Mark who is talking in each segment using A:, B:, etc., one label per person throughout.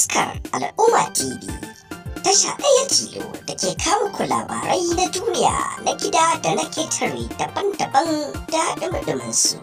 A: taskar al'umma tv tasha ɗaya tilo da ke kawo ku labarai na duniya na gida da na ketare daban-daban da ɗumɗumin su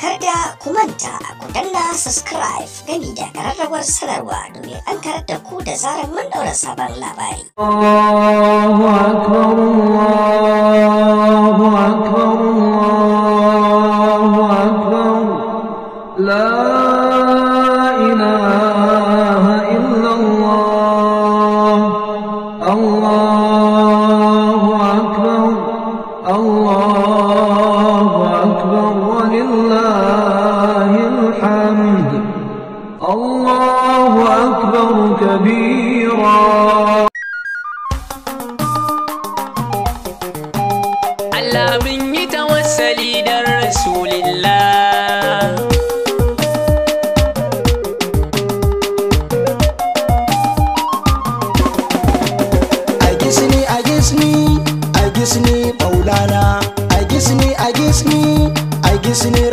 A: kada ku manta ku danna subscribe gami da ƙararrawar sanarwa domin an karar da ku da zarar mun ɗaura sabon labari.
B: لله الحمد الله أكبر كبيرا
A: Allah mun yi tawassali da Rasulillah
B: Agisni Agisni Agisni Agisni Agisni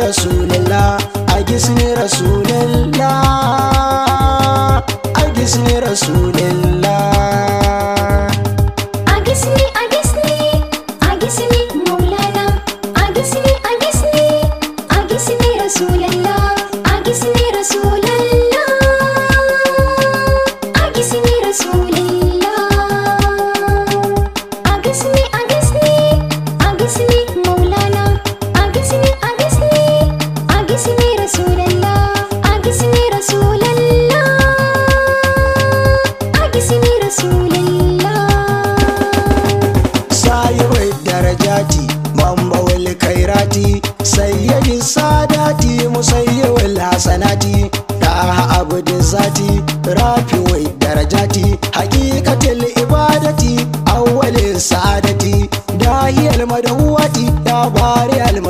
B: darajati hakikatil ibadati awalin sa'adati dahi madahuwati ya bari al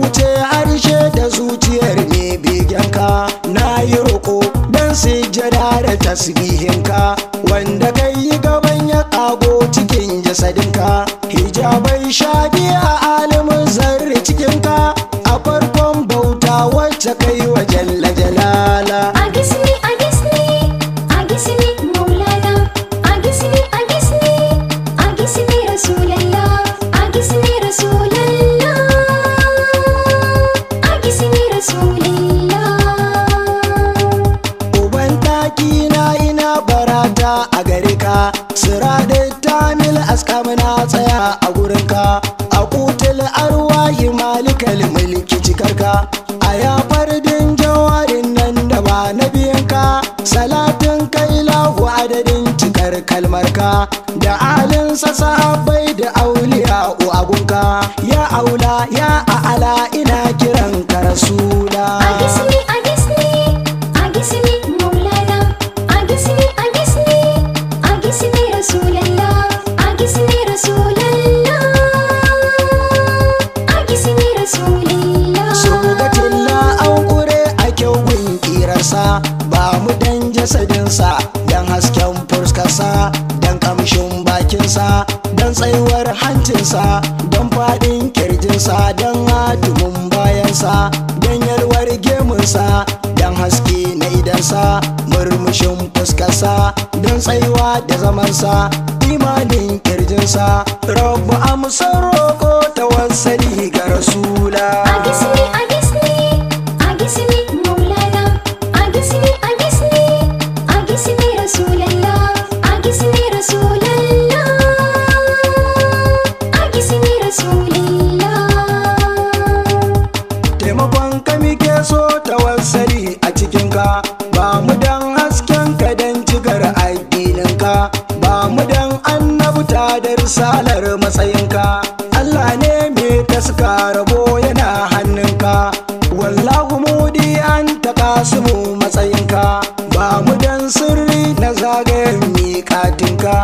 B: wuce harshe da zuciyar ne begenka na yi roƙo don sujada da tasbihinka wanda kai yi gaban ya ƙago cikin jasadinka hijabai shaɗi a alimin zarri cikinka a farkon bauta wacce kai wa jalla muna tsaya a gurinka a kutul arwahi malikal mulki cikarka a ya fardin jawarin nan da ba na biyanka salatin kai lahu adadin cikar kalmarka da alinsa sahabbai da auliya u agunka ya
A: aula ya a'ala ina kira
B: jikinsa dan hasken fuskarsa dan kamshin bakinsa Dan tsayuwar hancinsa don faɗin kirjinsa don adumin bayansa don yalwar gemunsa Dan haske na idansa murmushin fuskarsa Dan tsayuwa da zamansa imanin kirjinsa rabu amsar roko ta wasali ga rasula ka muke so tawassali a cikinka ba mu dan hasken ka don jigar addininka ba mu dan annabu ta da risalar matsayinka Allah ne mai suka rabo yana hannunka wallahu di an taka mu matsayinka ba mu dan sirri na zagayen miƙatinka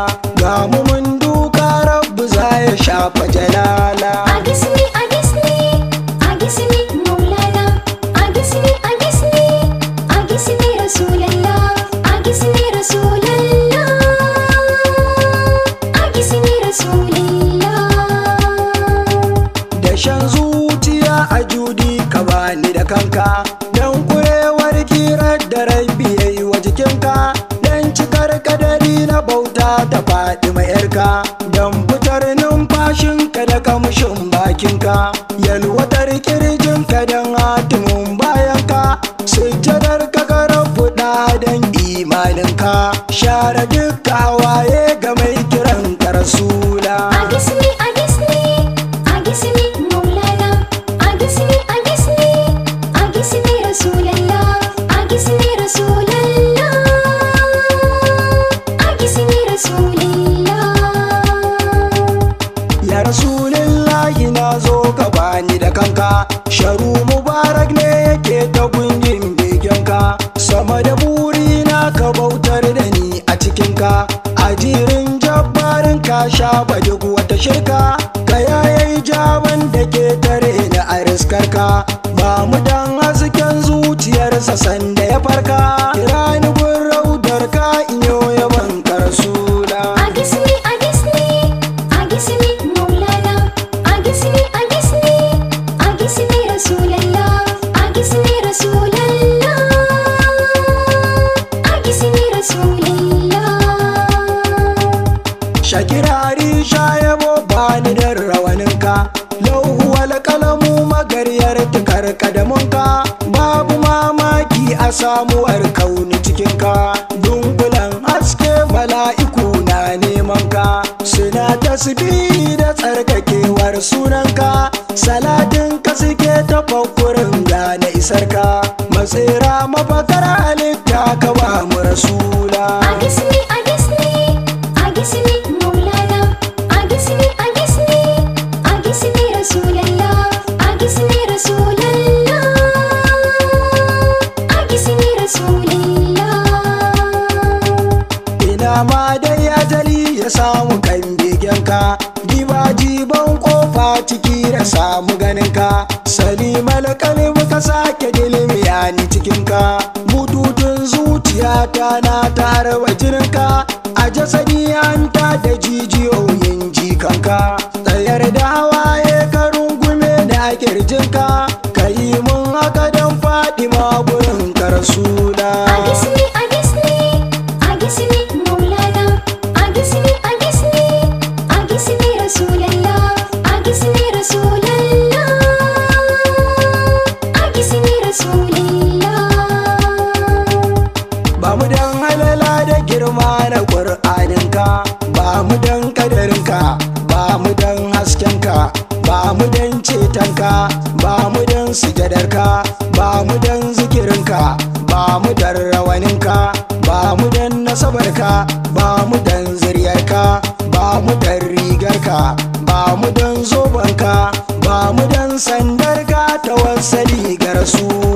B: halin ka share duk kawaye ga a samu kauni cikin ka dunkulan haske mala'iku na neman ka suna tasbi da tsarkakewar sunanka salatin ka suke da na isar ka matsira mafakar halitta ka ba mu rasula
A: a gisni a gisni a gisni maulana a gisni a gisni rasula
B: ta samu kan ka jiba jiban kofa ciki da samu ganin ka salima na kalbi ka sake ya ni cikin ka bututun zuciya ta na tare jinin ka a jasadi an ta da jijiyoyin jikanka tsayar da ya ka rungume da kirjinka ka yi mun haka don faɗi ma
A: karsuna.
B: cetonka ba mu don sujadarka ba mu don zikirinka ba mu don rawaninka ba mu don nasabarka ba mu don ziryarka ba mu don rigarka ba mu don zobanka ba mu don sandarka ta wasali ga rasu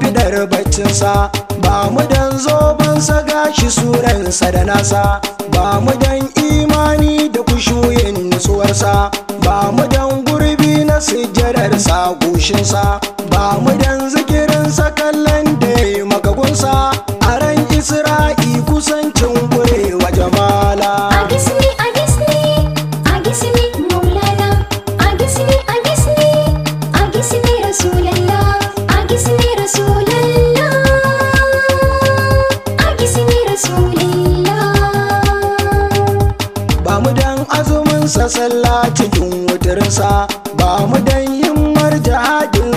B: bidar baccinsa ba mu dan zobansa gashi suransa da nasa ba mu dan imani da kushuyin nutsuwarsa ba mu dan gurbi na sujjararsa gushinsa ba mu dan ziki ba mu dan himmar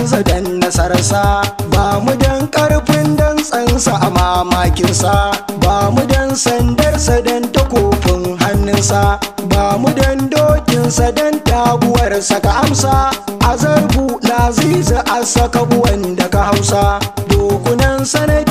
B: sa dan nasararsa ba mu dan karfin dantsansa a mamakinsa ba mu dan sandarsa dan takofin hannunsa ba mu dan dokinsa dan sa ka amsa a zarbu laziza a saka buwan da ka hausa dokunan sanai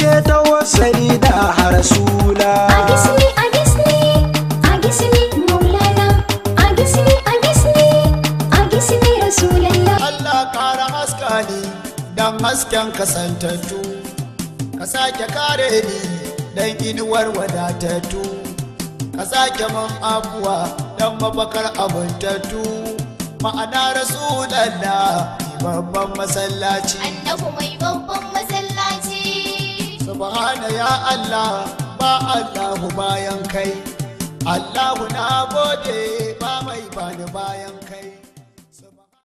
A: kasantattu
B: ka sake kare ni dan inuwar wadatattu ka sake man abuwa dan mafakar abuntattu ma'ana rasulallah babban masallaci
A: annabu mai babban masallaci
B: subhana ya allah ba allahu bayan
A: kai allahu na gode ba mai bani bayan